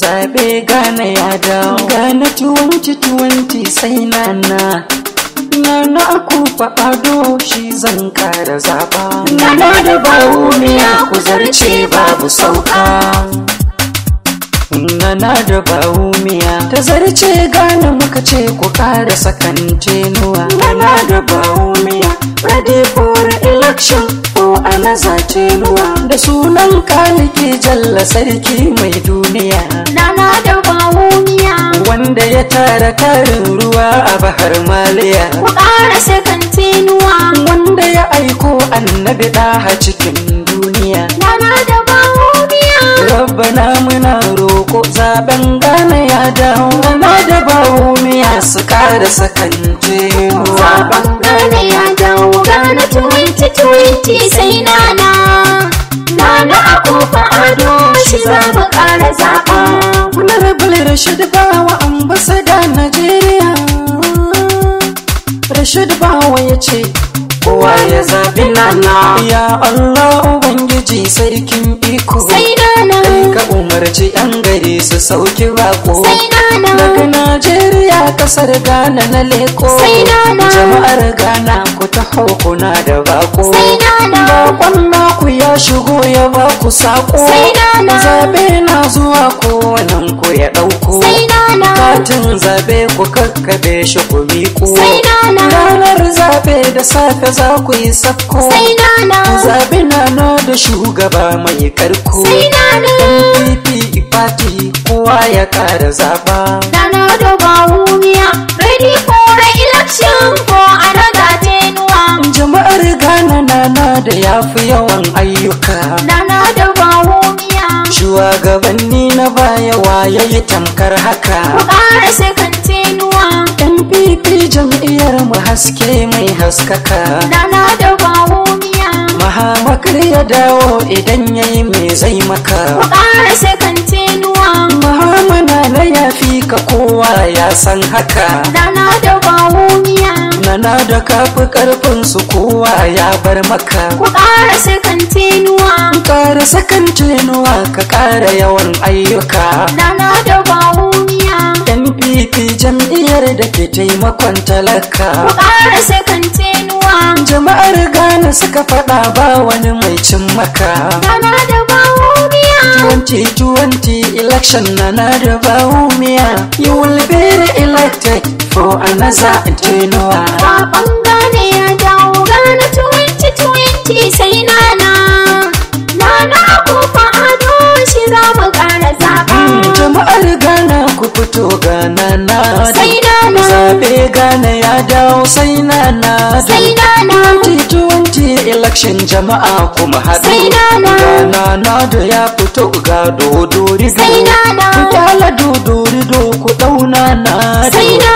zaɓe gane ya dawo gane tuwanci sai nana na na Akupa, ado shi zan kara zaɓa na na da bawu miya ku zarce babu sauka nana da bawumiya ta zarce gane muka ce ku kara sakan tenuwa nana da bawumiya ready for election na zace ruwa da sunan ka nake jalla sarki mai duniya nana da bawumiya wanda ya tara karin ruwa a bahar maliya ku ƙara sakantinuwa wanda ya aiko annabi ɗaha cikin duniya nana da bawumiya rabbana muna roko. zaben gane ya dawo nana da bawumiya su ƙara sakantinuwa za ƙara zaɓa. Honorable Rashid Bawa ambasada Najeriya. Rashid Bawa ya ce, Kowa ya zaɓi nana. Ya Allah ubangiji sarkin iko sai nana ka umarci yan gari su sauki bako sai nana daga najeriya kasar ghana na leko sai nana jama'ar ghana ku ta kuna da bako sai nana bakon naku ya shigo ya baku sako sai nana zabe na zuwa ko kowannen ku ya dauko sai nana katin zabe ku kakkabe shi ku miko sai nana ranar zabe da safe za ku yi sako sai nana zabe na da shi shugaba mai karko mpp party kowa ya kara zaba dana doba wumiya ready for election ko another tenuwa jama'ar gana nana da yafi yawan ayyuka dana doba wumiya shugabanni na baya waye tamkar haka ku kara second tenuwa mpp jam'iyyar mu haske mai haskaka dana doba Mahamakar ya dawo idan yayi yi mai zai maka. Bukara sai kantinuwa. mana na ya yafi ka kowa ya san haka. Nana da bawumiya. Nana da kafi karfin su kowa ya bar maka. Ku ƙara sakantinuwa. Ku ƙara sakantinuwa ka ƙara yawan ayyuka. Nana da bawumiya. NPP jam'iyyar da ke taimakon talaka. Ku ƙara sakantinuwa. jama'ar Ghana suka faɗa ba wani mai cin maka Ghana da bawumiya 2020 election na na da bawumiya You will be re-elected for another Tenuwa Zaɓen Ghana ya dawo Ghana 2020 sai nana Nana ku fa'ado shi za mu ƙara zaɓa hmm, Jama'ar Ghana ku fito Gana na e gane ya dawo sai na na sai na na 2020 election jama'a kuma hadu sai na gana na da ya fito ga dodori sai na na dodori do ku ɗauna na sai na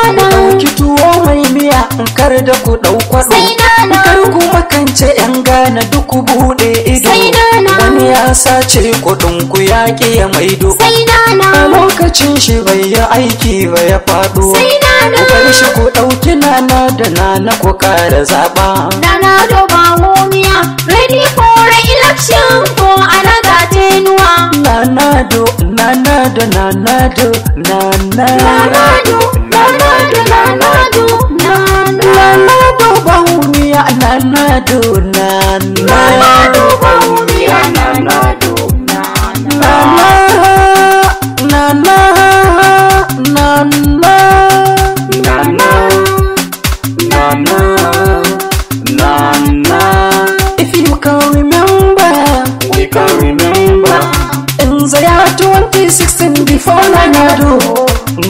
tuwo mai miya kar da ku dau kwado sai na kar ku makance 'yan gane duk ku buɗe ido ya sace kuɗin ku ya ki ya maido sai nana lokacin shi bai yi aiki ba ya faɗo sai nana ku bar shi ku ɗauki nana da nana ku ƙara zaɓa nana do ba homiya ready for election ko alaga tenuwa nana do nana do nana do nana nana do nana do nana do nana nana do ba homiya nana do nana 2016 before Nanado.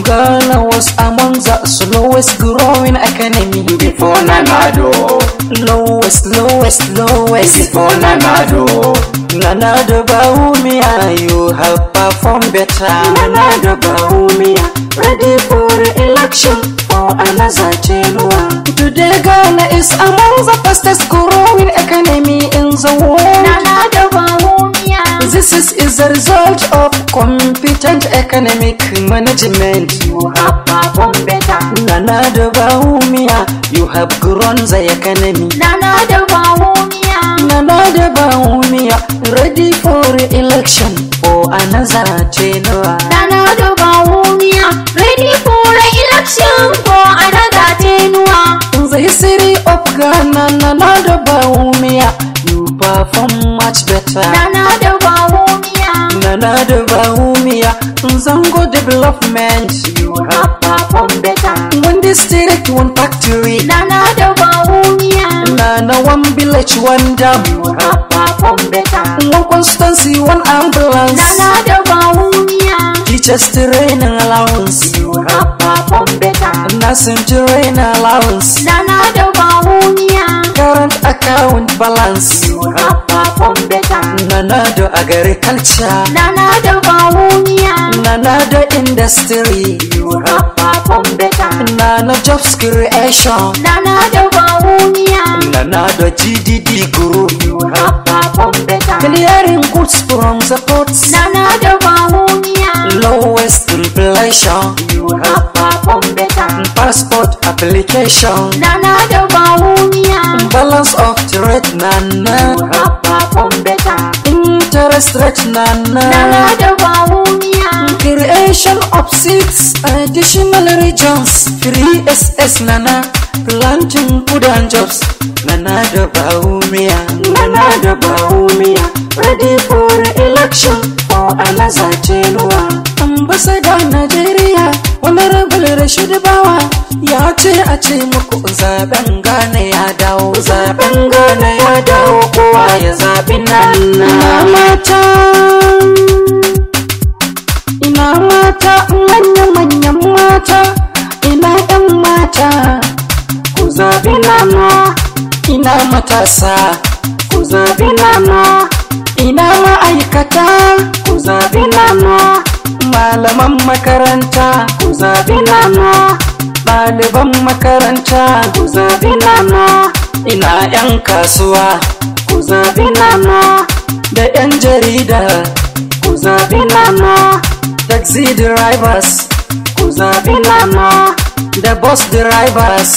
Ghana was among the slowest growing economy before Nanado. Lowest, lowest, lowest before Nanado. Nanado Baumia, you have performed better. Nanado Baumia, ready for election for another tenure. Today Ghana is among the fastest growing economy in the world. Analysis is a result of competent economic management. You have performed better. Nana da Baumia, you have grown the economy. Nana da Baumia. Nana da Baumia, ready for election or oh, another tenure. Nana da Baumia, ready for election for oh, another tenure. The history of Ghana, Nana da century Nana da Bahumia Nana one village one dam Mukapa from Beta One constancy ambulance Nana da Bahumia Teachers training allowance Mukapa from Beta Nursing training allowance Nana da current account balance. You have better. Nanado agriculture. Nanado bawumia. Nanado industry. You have better. Nana jobs creation. Nanado bawumia. Nanado GDD growth. You have better. Clearing goods from the ports. Nanado bawumia. Lowest inflation. You have better. Passport application. Nanado bawumia. straight nana Rappa kumbeta Interest rate nana Nana da wawumiya Creation of six additional regions Free SS nana Planting food and jobs Nana da bawumiya Nana da bawumiya Ready for election For another tenuwa Ambassador Nigeria Honorable Rashid Bawa a ce muku zaben gane ya dawo zaben gane ya dawo kowa ya zaɓi nan na mata ina mata manya manyan mata ina ɗan mata ku zaɓi nana ina matasa ku zaɓi nana ina ma'aikata ku zaɓi nana malaman makaranta ku zaɓi nana ɗaliban makaranta ku zaɓi nana ina yang kasuwa ku zaɓi nana da 'yan jarida ku zaɓi nana taxi drivers ku zaɓi nana da bus drivers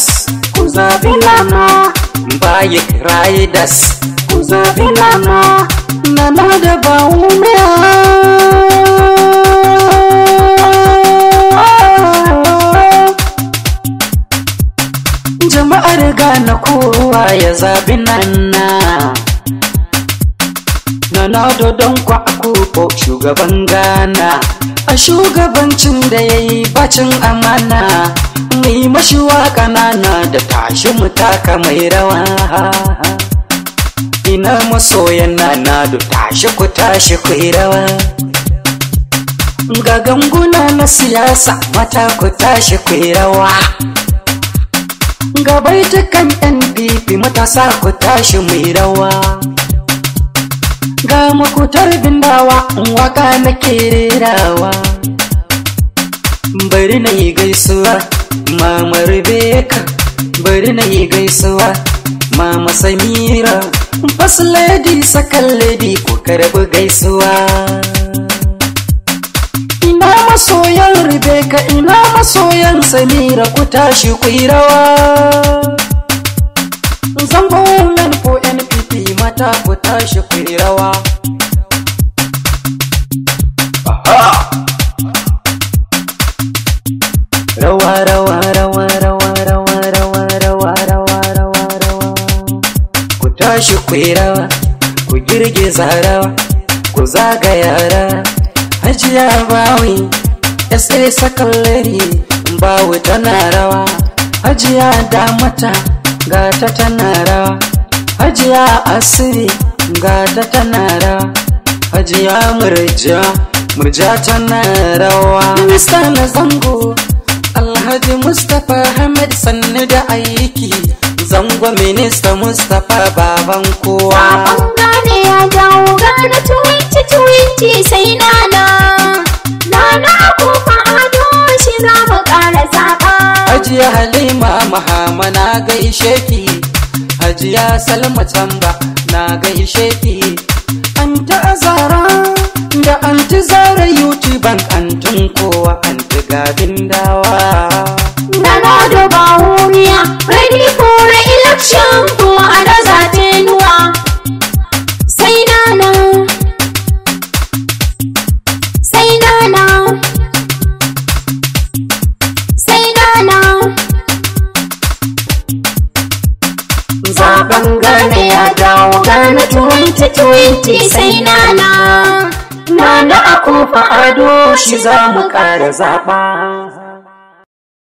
ku zaɓi nana bike riders ku zaɓi nana nana da bawumiya gane kowa ya zabi nanna na don kwa akupo shugaban gana. a shugabancin da ya yi bacin amana mai mashiwa na da tashi mutaka mai rawa ina masoyan nana da tashi ku tashi ku rawa ga ganguna na siyasa mata ku tashi ku rawa gabai kan yan bibi matasa ku tashi mai rawa ga makutar bindawa waka nake rerawa bari na yi gaisuwa mama rebecca bari na yi gaisuwa mama samira first lady second lady ku karbi gaisuwa masoyan Rebecca ina masoyan Samira ku tashi ku yi rawa Zango women ko NPP mata ku tashi ku yi rawa Rawa rawa rawa rawa rawa rawa rawa rawa rawa rawa ku tashi ku yi rawa ku girgiza rawa ku zagaya rawa Hajiya Bawi SA sakallari bawu tana rawa hajiya da mata gata tana rawa hajiya asiri gata tana rawa hajiya murja murja tana rawa minista na zango alhaji mustapha hamad sannu da aiki zango minista mustapha baban kowa ya jawo gane tuwinci tuwinci sai na hajiya halima mahama na gaishe ki hajiya salma tamba na gaishe ki anta azara da anti zara yutuban antun kowa anti gabin dawa na na da bahuniya ready for election ta tuwinti sai nana nana a kofa ado shi za mu ƙara zaɓa